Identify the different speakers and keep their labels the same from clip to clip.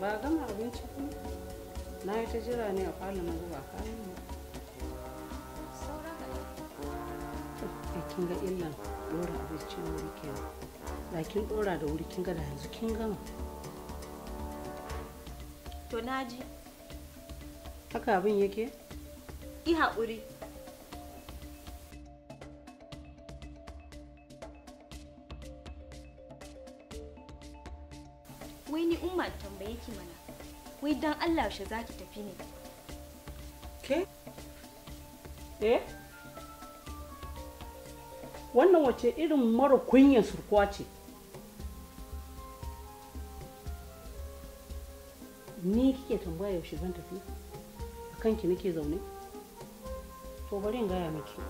Speaker 1: Ba gama abinci kuma? Na yi ta jira ne a kwalin na zuba kayan mu. Eh, kin ga illan wuri Da kin da wuri kin ga da yanzu kin gama. To Haka abin yake?
Speaker 2: Ki haƙuri. wai ni umma tambaye ki mana wai dan Allah shi za ki tafi ne
Speaker 1: ke eh wannan wace irin mara kunya surkuwa ce ni kike tambaya yaushe zan tafi a kanki nake zaune to bari in gaya miki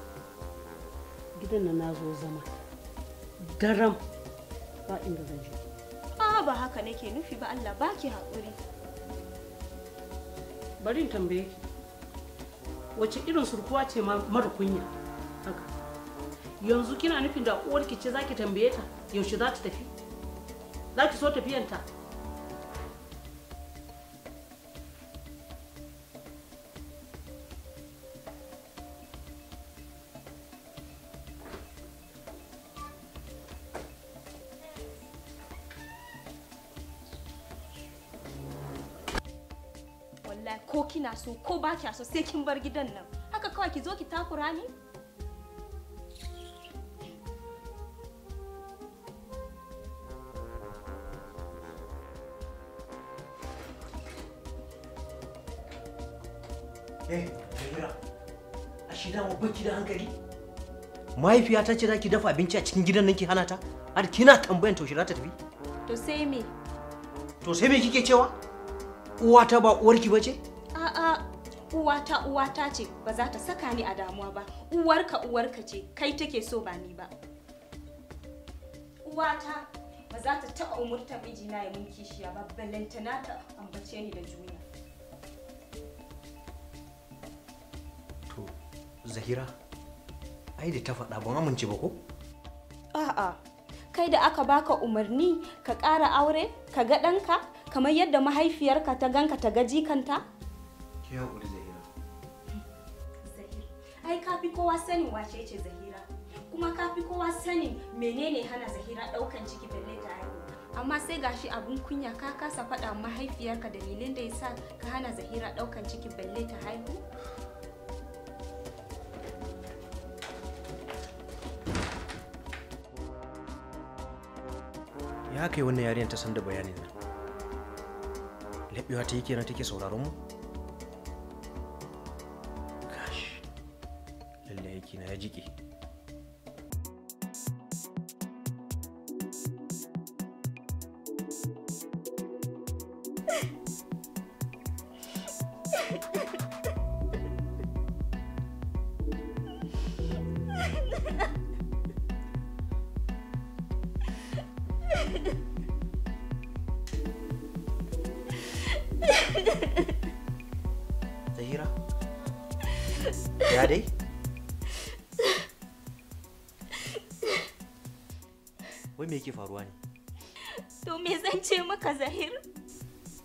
Speaker 1: gidan na zo zama daram ba inda zan je
Speaker 2: ba haka nake nufi ba Allah baki haƙuri
Speaker 1: bari in tambaye ki wace irin surkuwa ce mara kunya haka yanzu kina nufin da uwarki ce zaki tambaye ta yaushe za ta tafi za ki so tafiyanta
Speaker 2: wallahi ko kina so ko ba kya so sai kin bar gidan nan haka kawai ki zo ki takura ni
Speaker 1: Eh, Jamila,
Speaker 2: a shi dama baki da hankali?
Speaker 1: Mahaifiyata ce za ki dafa abinci a cikin gidan nan ki hana ta? Har kina tambayan taushe za ta tafi? To sai me? To sai me kike cewa? uwa ta ba uwarki ba ce?
Speaker 2: uwata uwata ce ba za ta saka ni a damuwa ba uwarka uwarka ce kai take so ba ni ba uwata ba za ta taɓa umurta mijina ya mun kishiya ba ballantana ta ambace ni da juna
Speaker 1: to zahira ai da ta faɗa ban amince ba ko
Speaker 2: a'a kai da aka baka umarni ka ƙara aure ka ga ɗanka kamar yadda mahaifiyarka ta ganka ta gaji kanta? Ke haƙuri kai ka fi kowa sanin wace ce zahira kuma ka fi kowa sanin menene hana zahira ɗaukan ciki balle ta haihu amma sai gashi abun kunya ka kasa faɗa mahaifiyarka dalilin da yasa ka hana zahira ɗaukan ciki balle ta haihu
Speaker 1: ya kai wannan yarinyar ta san da bayanin nan laɓewa ta yi kenan take sauraron mu اللي هيك ناجيكي زهيرة Wai me yake faruwa ne?
Speaker 2: To me zan ce maka Zahir?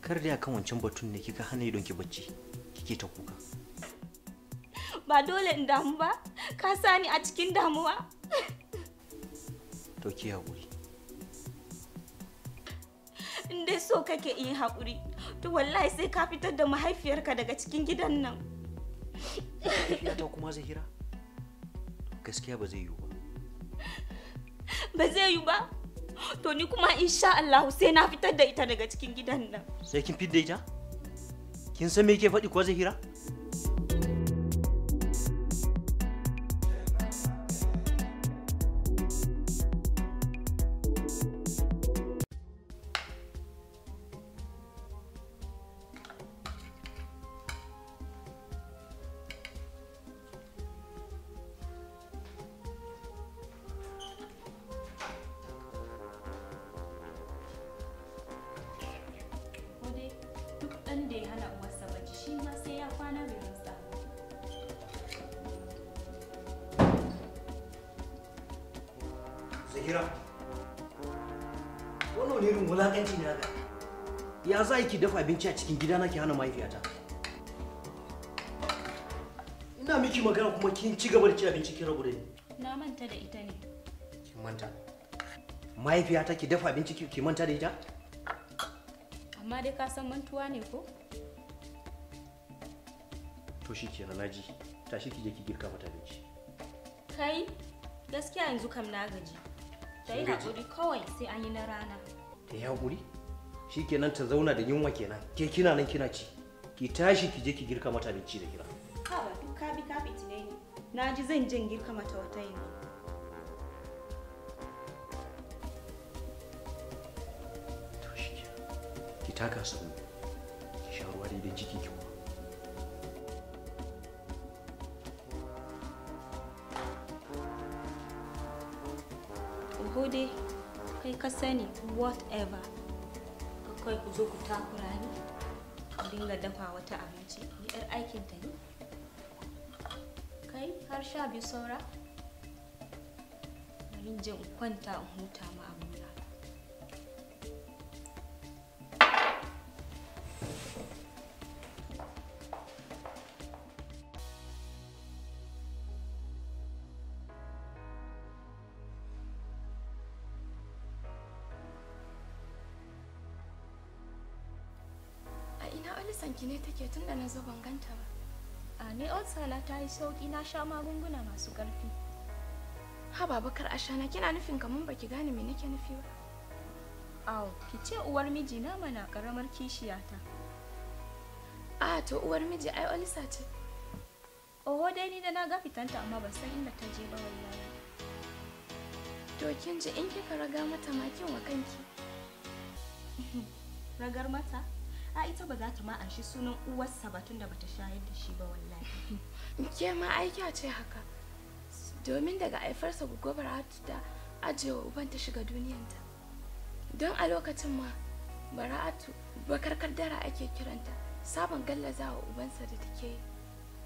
Speaker 1: Kar dai akan wancan batun ne kika hana idon ki bacci. Kike ta kuka.
Speaker 2: Ba dole in damu ba. Ka sani a cikin damuwa.
Speaker 1: To ki haƙuri.
Speaker 2: In dai so kake yi hakuri To wallahi sai ka fitar da mahaifiyarka daga cikin gidan nan.
Speaker 1: Mahaifiyata kuma Zahira? Gaskiya ba zai yiwu ba.
Speaker 2: ba zai yi ba to ni kuma insha Allah sai na fitar da ita daga cikin gidan nan
Speaker 1: sai kin fidda ita kin san me yake faɗi ko zahira hira wannan ne irin wulakanci ne haka ya za ki dafa abinci a cikin gida na ki hana mahaifiyata ina miki magana kuma kin ci gaba da ci abinci kin rabu da ni
Speaker 2: na manta da ita ne
Speaker 1: kin manta mahaifiyata ki dafa abinci ki manta da ita
Speaker 2: amma dai ka san mantuwa ne ko
Speaker 1: to shi kenan naji tashi ki je ki girka mata abinci
Speaker 2: kai gaskiya yanzu kam na gaji ta yi haƙuri kawai sai an yi na rana
Speaker 1: ta yi haƙuri shi kenan ta zauna da yunwa kenan ke kina nan kina ci ki tashi ki je ki girka mata abinci da kira
Speaker 2: ha ba duk ka bi ka bi tunai na ji zan jin girka mata wata yanzu
Speaker 1: ki taka su ki sha ruwa da idan ciki ki
Speaker 2: ko dai kai ka sani whatever akwai ku zo ku takura ni ku dinga dafa wata abinci ni yar aikin ta ne kai har sha biyu saura bari jin kwanta in huta ma abuna nisan ki ne take tun da na zo ban ganta ba. A ne ulsala ta yi sauki na sha magunguna masu ƙarfi. Ha babakar na? kina nufin kamar baki gane me nake nufi ba. Aw, ki ce uwar miji na mana karamar kishiyata. A to uwar miji ai olisa ce. Oho dai ni da na ga fitanta amma ban san inda ta je ba wallahi. To kin ji in kika raga mata makin wa kanki. Ragar mata? a ita ba za ta ma shi sunan uwarsa ba tunda bata shayar da shi ba wallahi ke ma ce haka domin daga aifarsa gugobar ta ajewa uban ta shiga duniyanta don a lokacin ma bara'atu bakar kaddara ake kiranta sabon gallazawa ubansa da take yi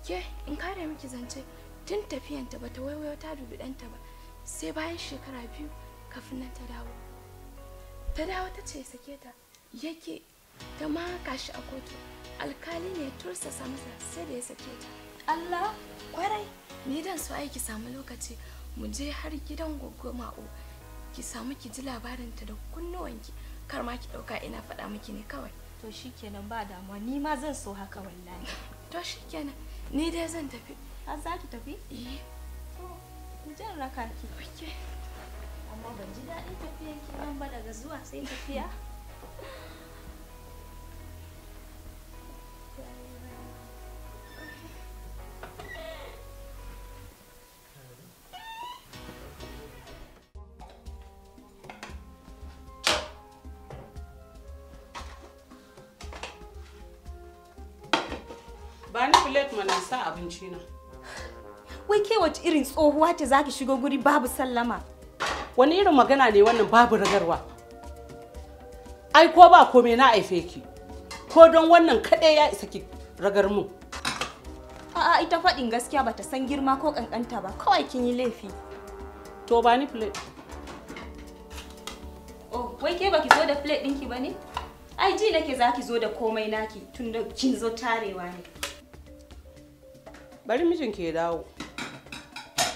Speaker 2: ke in kare miki zance tun tafiyanta bata waiwayo ta dubi ɗanta ba sai bayan shekara biyu kafin nan ta dawo ta dawo ta ce sake ta yake ta ka shi a kotu alkali ne tursa masa sai da ya sake ta Allah kwarai ni dan su ai ki samu lokaci mu je har gidan goggo ma'o ki samu ki ji labarin ta da kunnuwanki kar ma ki dauka ina faɗa miki ne kawai to shikenan ba damuwa ni ma zan so haka wallahi to shikenan ni dai zan tafi har za ki tafi eh to ku je raka ki amma ban ji daɗin tafiyan ki nan ba daga zuwa sai tafiya
Speaker 1: break mana
Speaker 2: Wai ke wace irin tsohuwa ce zaki shigo guri babu sallama? Wani irin magana ne wannan babu ragarwa? Ai ko ba komai na
Speaker 1: aife ki. Ko don wannan kaɗai ya isa ki ragar mu.
Speaker 2: A'a ita faɗin gaskiya ba ta san girma ko ƙanƙanta ba. Kawai kin yi laifi. To ba ni plate. Oh, wai ke baki zo da plate ɗinki ba ne? Ai ji nake zaki zo da komai naki tunda kin zo tarewa ne.
Speaker 1: bari mijin ke dawo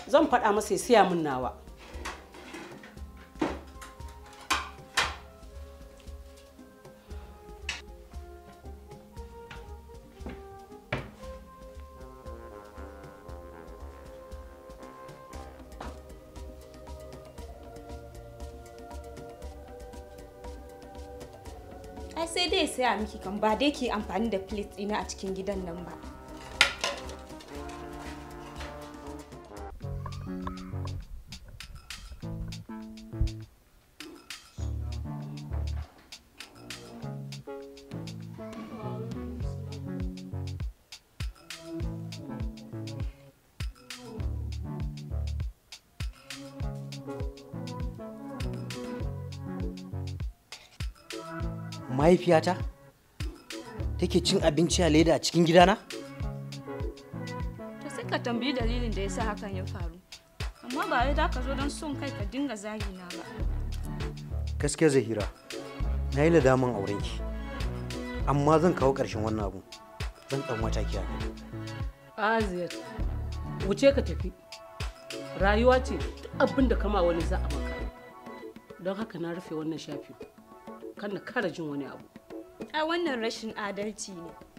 Speaker 1: zan faɗa masa ya siya min nawa
Speaker 2: ai sai dai saya miki kan ba dai ke amfani da plate ɗina a cikin gidan nan ba
Speaker 1: mahaifiyata take cin abinci a leda a cikin gidana?
Speaker 2: To sai ka tambayi dalilin da ya sa hakan ya faru. Amma ba wai da ka zo don son kai ka dinga na ba.
Speaker 1: Gaskiya Zahira, na yi ladamin aurenki. Amma zan kawo ƙarshen wannan abu. Zan ɗan wata a Aziyar, wuce ka tafi. Rayuwa ce duk abin da kama wani za a maka. Don haka na rufe wannan shafi. kan na kara jin wani abu
Speaker 2: a wannan rashin adalci ne